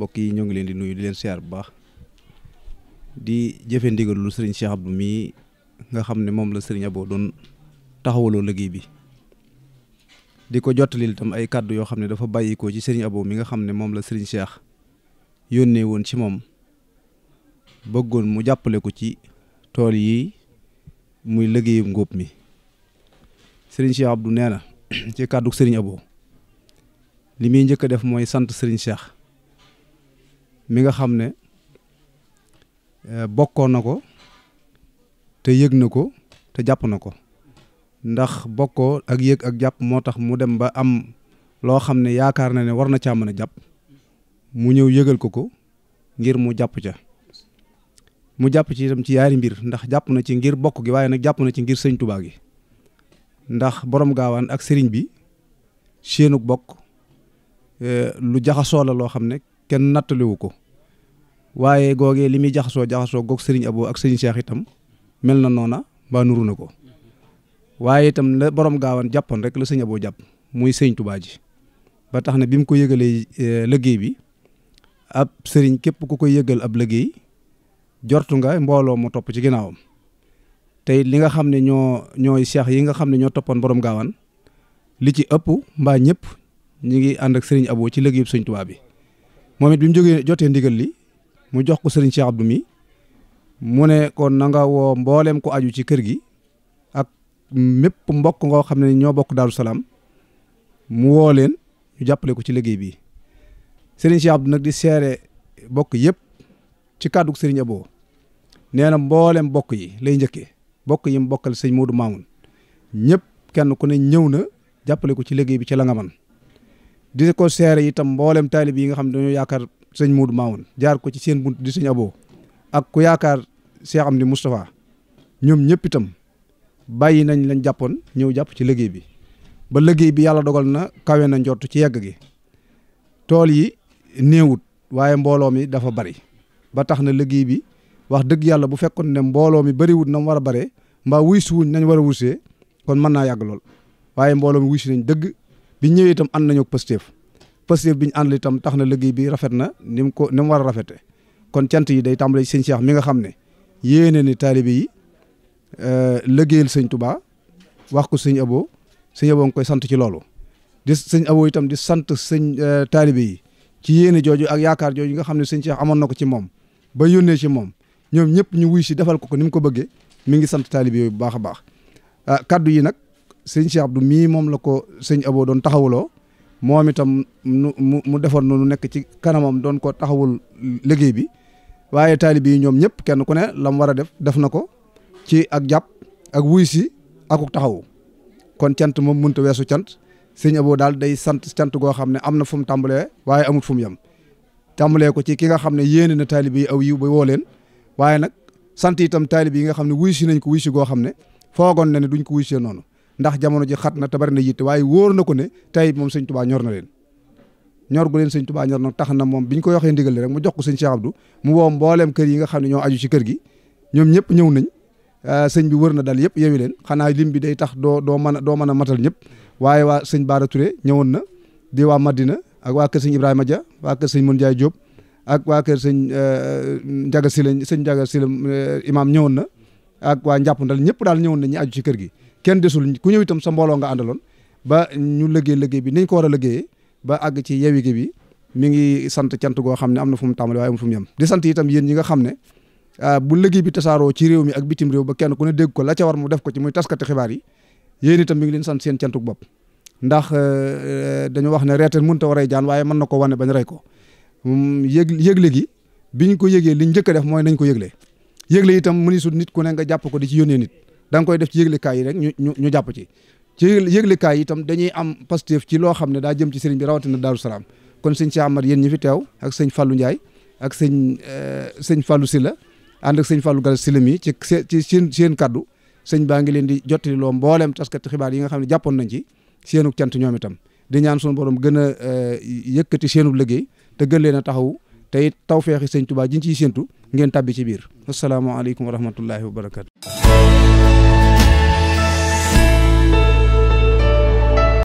bokk yi ñoo ngi leen di nuyu di leen siyaar bu baax di jëfe ndigalu sëriñ ab Abdou mii nga xam ne moom la sëriñ Abo doon taxawaloo liggéey bi di ko jottalil itam ay kàddu yoo xam ne dafa bàyyikoo ci sëriñ Abo mi nga xam ne moom la sëriñ Cheikh yónnee woon ci moom bëggoon mu jàppale ko ci tool yi muy liggéeyu ngóob mi sëriñ Cheikh Abdou nee na ci kàddu sëriñ Abo li muy njëkk a def mooy sant sëriñ Cheikh mi nga xam ne euh, bokkoon na ko te yëg na ko te jàpp na ko ndax bokkoo ak yëg ak jàpp moo tax mu dem ba am loo xam ne yaakaar na ne war na caa mën jàpp mu ñëw yëgal ko ko ngir mu jàpp ca mu jàpp ci itam ci yaari mbir ndax jàpp na ci ngir bokk gi waaye nag jàpp na ci ngir sëñ Tuubaa gi ndax borom gaawaan ak sëriñ bi seenug bokk euh, lu jaxasoo loo xam ne kenn nattaliwu ko waaye googee li muy jaxasoo jaxasoo goog sëriñ aboo ak sëriñ Cheikh itam mel na noona mbaa nuru na ko waaye itam la borom gaawan jàppoon rek la sëñ Abo jàpp muy sëñ Tubaa ji ba tax na bi mu ko yëgalee eh, liggéey bi ab sëriñ képp ku koy yëgal ab liggéey jortu nga mbooloo mu topp ci ginnaawam tey li nga xam ne ñoo ñooy cheikh yi nga xam ne ñoo toppoon boroom gaawaan li ci ëpp mbaa ñëpp ñu ngi ànd ak sëriñ Abo ci liggéeyub sëñ Tubaa bi moom it bi mu jógee li mu jox ko sëriñ Cheikh Abdou mi mu ne kon na woo mbooleem ko aju ci kër gi ak mépp mbokk ngoo xam ne ñoo bokk Daaru Salaam mu woo leen ñu jàppale ko ci liggéey bi sëriñ Cheikh Abdou nag di seere bokk yëpp ci kàddu sëriñ Abo nee na mbooleem bokk yi lay njëkkee bokk yi mu bokkal sëñ Modou Mamoun ñëpp kenn ku ne ñëw na jàppale ko ci liggéey bi ci la nga man di ko seere itam mbooleem taalib yi nga xam ne dañoo yaakaar sëñ Modou Mamoun jaar ko ci seen bunt di sëñ Abo ak ku yaakaar Cheikh di Moustapha ñoom ñëpp itam bàyyi nañ lañ jàppoon ñëw jàpp ci liggéey bi ba liggéey bi yàlla dogal na kawe na njort ci yegg gi tool yi néewut waaye mbooloo mi dafa bari ba tax na liggéey bi wax dëgg yàlla bu fekkoon ne mbooloo mi bariwut na war a bare mbaa wuy si wuñ nañ war a wuusee kon mën naa yàgg lool waaye mbooloo mi wuy nañ dëgg bi ñëwee tam an nañu ak Pastef pëstéef bi ñu àndal itam tax na liggéey bi rafet na ni mu ko ni mu war a rafete kon cant yi day tàmbale sëñ Cheikh mi nga xam ne yéene ni taalibe yi euh, liggéeyal sëñ Touba wax ko sëñ Abo sëñ Abo nga koy sant ci loolu di sëñ Abo itam di sant sëñ euh, taalibe yi ci yéene jooju ak yaakaar jooju nga xam ne sëñ Cheikh amoon na ko ci moom ba yónnee ci moom ñoom ñëpp ñu wuy si defal ko ko ni mu ko bëggee mi ngi sant taalibe yooyu bu baax a baax euh, kaddu yi nag sëñ Cheikh Abdou mii moom la ko sëñ Abo doon taxawuloo moom itam nu mu defoon noonu nekk ci kanamam doon ko taxawul liggéey bi waaye taalib yi ñoom ñëpp kenn ku ne la mu war a def def na ko ci ak jàpp ak wuy si akuk taxawu kon cant moom mënta weesu cant sëñ Abo daal day sant cant goo xam ne am na fu mu tàmbalee waaye amut fu mu yem tàmbalee ko ci ki nga xam ne yéene na taalib yi aw yiw ba woo leen waaye nag sant itam taalib yi nga xam ne wuy si nañ ko wuy si goo xam ne foogoon na ne duñ ko wuy see noonu ndax jamono ji xat na te bari na yitte waaye wóor na ko ne tey moom sëñ tubaa ñor na leen ñor gu leen sëñ tubaa ñor na tax na moom bi ñu ko waxee ndigal li rek mu jox ko sëñ Cheikh Abdou mu woo mbooleem kër yi nga xam ne ñoo aju ci kër gi ñoom ñëpp ñëw nañ ah, sëñ bi wër na dal yëpp yewi leen xanaa lim bi day tax doo doo mën a doo mën a matal ñëpp waaye waa sëñ Baara Touré ñëwoon na di waa Madina ak waa kër sëñ Ibrahima Dia waa kër sëñ Mun Jaay Jóob ak waa kër sëñ eh, Njaga Sila sëñ Njaga Sila eh, imaam ñëwoon na ak waa njàppandal ñëpp daal ñëwoon nañ ñu aju ci kër gi kenn desul ku ñëw itam sa mbooloo nga àndaloon ba ñu liggéey liggéey bi niñ ko war a liggéeyee ba àgg ci yewi gi bi mi ngi sant cant goo xam ne am na fu mu tàmbali waaye am fu mu yem di sant itam yéen ñi nga xam ne ah, bu liggéey bi tasaaroo ci réew mi ak bitim réew ba kenn ku ne dégg ko la ca war mu def ko ci muy taskati xibaar yi yéen itam mi ngi leen sant seen cantuk bopp ndax eh, eh, dañu wax ne reeteen mënut a war a jaan waaye mën na ko wane bañ rey ko mm, yëg yëgle gi biñ ko yëgee liñ njëkk def mooy nañ ko yëgle yëgle itam mënisul nit ku ne nga jàpp ko di ci yónnee nit da koy def ci yëglekaay yi rek ñu ñu ñu jàpp ci ci yëglekaay yi itam dañuy am pastef ci loo xam ne daa jëm ci sëriñ bi rawatina Daaru Salaam kon sëñ Cheikh Amar yéen ñi fi teew ak sëñ Fallou Ndiaye ak sëñ euh, sëñ Fallou Silla ànd ak sëñ Fallou Gala Silla mi ci seen seen kaddu sëñ baa ngi leen di jottali loo mboolem taskati xibaar yi nga xam ne jàppoon nañ ci seenug cant ñoom itam di ñaan suñu borom gën a euh, yëkkati seenub liggéey te gën leen a taxaw te taw tawfeexi sëñ Tuubaa jiñ ciy séentu ngeen tàbbi ci biir asalaamaaleykum wa rahmatullahi wa barakaatu.